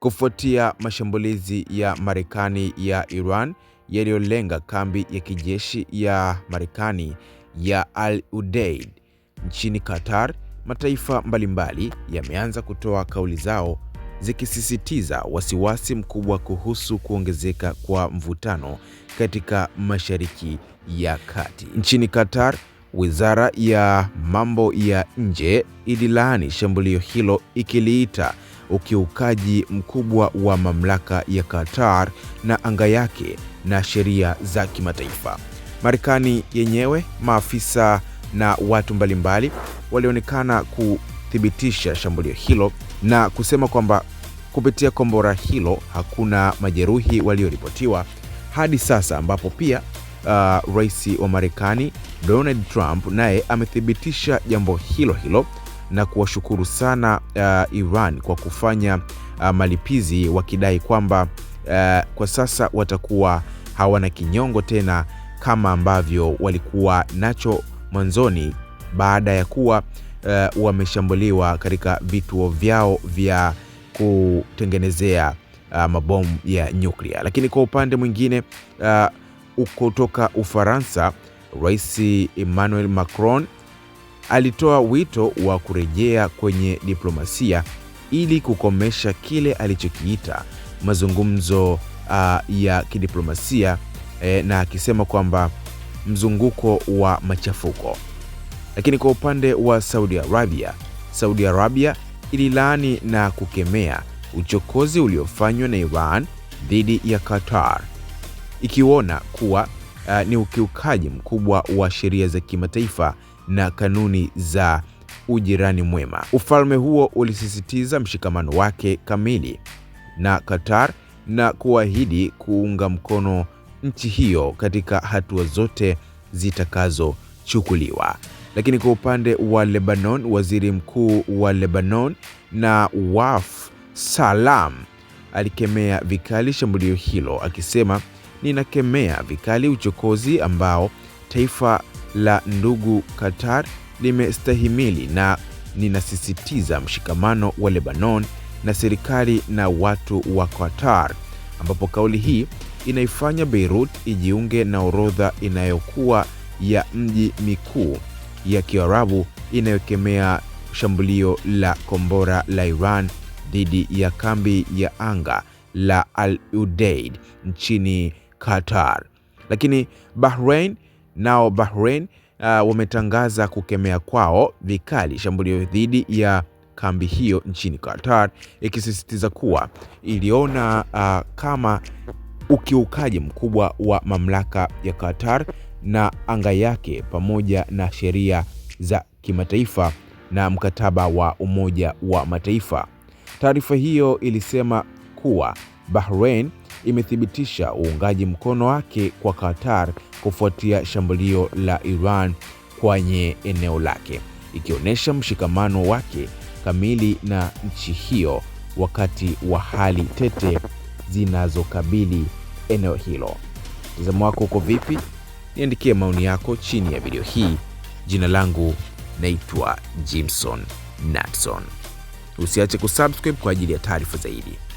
kufuatia mashambulizi ya Marekani ya Iran yaliyolenga kambi ya kijeshi ya Marekani ya Al Udeid nchini Qatar, mataifa mbalimbali yameanza kutoa kauli zao zikisisitiza wasiwasi mkubwa kuhusu kuongezeka kwa mvutano katika Mashariki ya Kati. Nchini Qatar, Wizara ya Mambo ya Nje ililaani shambulio hilo ikiliita ukiukaji mkubwa wa mamlaka ya Qatar na anga yake na sheria za kimataifa. Marekani yenyewe, maafisa na watu mbalimbali walionekana kuthibitisha shambulio hilo na kusema kwamba kupitia kombora hilo hakuna majeruhi walioripotiwa hadi sasa, ambapo pia uh, rais wa Marekani Donald Trump naye amethibitisha jambo hilo hilo na kuwashukuru sana uh, Iran kwa kufanya uh, malipizi wakidai kwamba uh, kwa sasa watakuwa hawana kinyongo tena kama ambavyo walikuwa nacho mwanzoni baada ya kuwa uh, wameshambuliwa katika vituo vyao vya kutengenezea uh, mabomu ya nyuklia. Lakini kwa upande mwingine uh, kutoka Ufaransa, Rais Emmanuel Macron alitoa wito wa kurejea kwenye diplomasia ili kukomesha kile alichokiita mazungumzo uh, ya kidiplomasia eh, na akisema kwamba mzunguko wa machafuko. Lakini kwa upande wa Saudi Arabia, Saudi Arabia ililaani na kukemea uchokozi uliofanywa na Iran dhidi ya Qatar, ikiona kuwa uh, ni ukiukaji mkubwa wa sheria za kimataifa na kanuni za ujirani mwema. Ufalme huo ulisisitiza mshikamano wake kamili na Qatar na kuahidi kuunga mkono nchi hiyo katika hatua zote zitakazochukuliwa. Lakini kwa upande wa Lebanon, waziri mkuu wa Lebanon Nawaf Salam alikemea vikali shambulio hilo akisema, ninakemea vikali uchokozi ambao taifa la ndugu Qatar limestahimili na ninasisitiza mshikamano wa Lebanon na serikali na watu wa Qatar, ambapo kauli hii inaifanya Beirut ijiunge na orodha inayokuwa ya mji mikuu ya Kiarabu inayokemea shambulio la kombora la Iran dhidi ya kambi ya anga la Al Udeid nchini Qatar. Lakini Bahrain Nao Bahrain uh, wametangaza kukemea kwao vikali shambulio dhidi ya kambi hiyo nchini Qatar, ikisisitiza kuwa iliona uh, kama ukiukaji mkubwa wa mamlaka ya Qatar na anga yake pamoja na sheria za kimataifa na mkataba wa Umoja wa Mataifa. Taarifa hiyo ilisema kuwa Bahrain imethibitisha uungaji mkono wake kwa Qatar kufuatia shambulio la Iran kwenye eneo lake, ikionyesha mshikamano wake kamili na nchi hiyo wakati wa hali tete zinazokabili eneo hilo. Mtazamo wako uko vipi? Niandikie maoni yako chini ya video hii. Jina langu naitwa Jimson Natson. Usiache kusubscribe kwa ajili ya taarifa zaidi.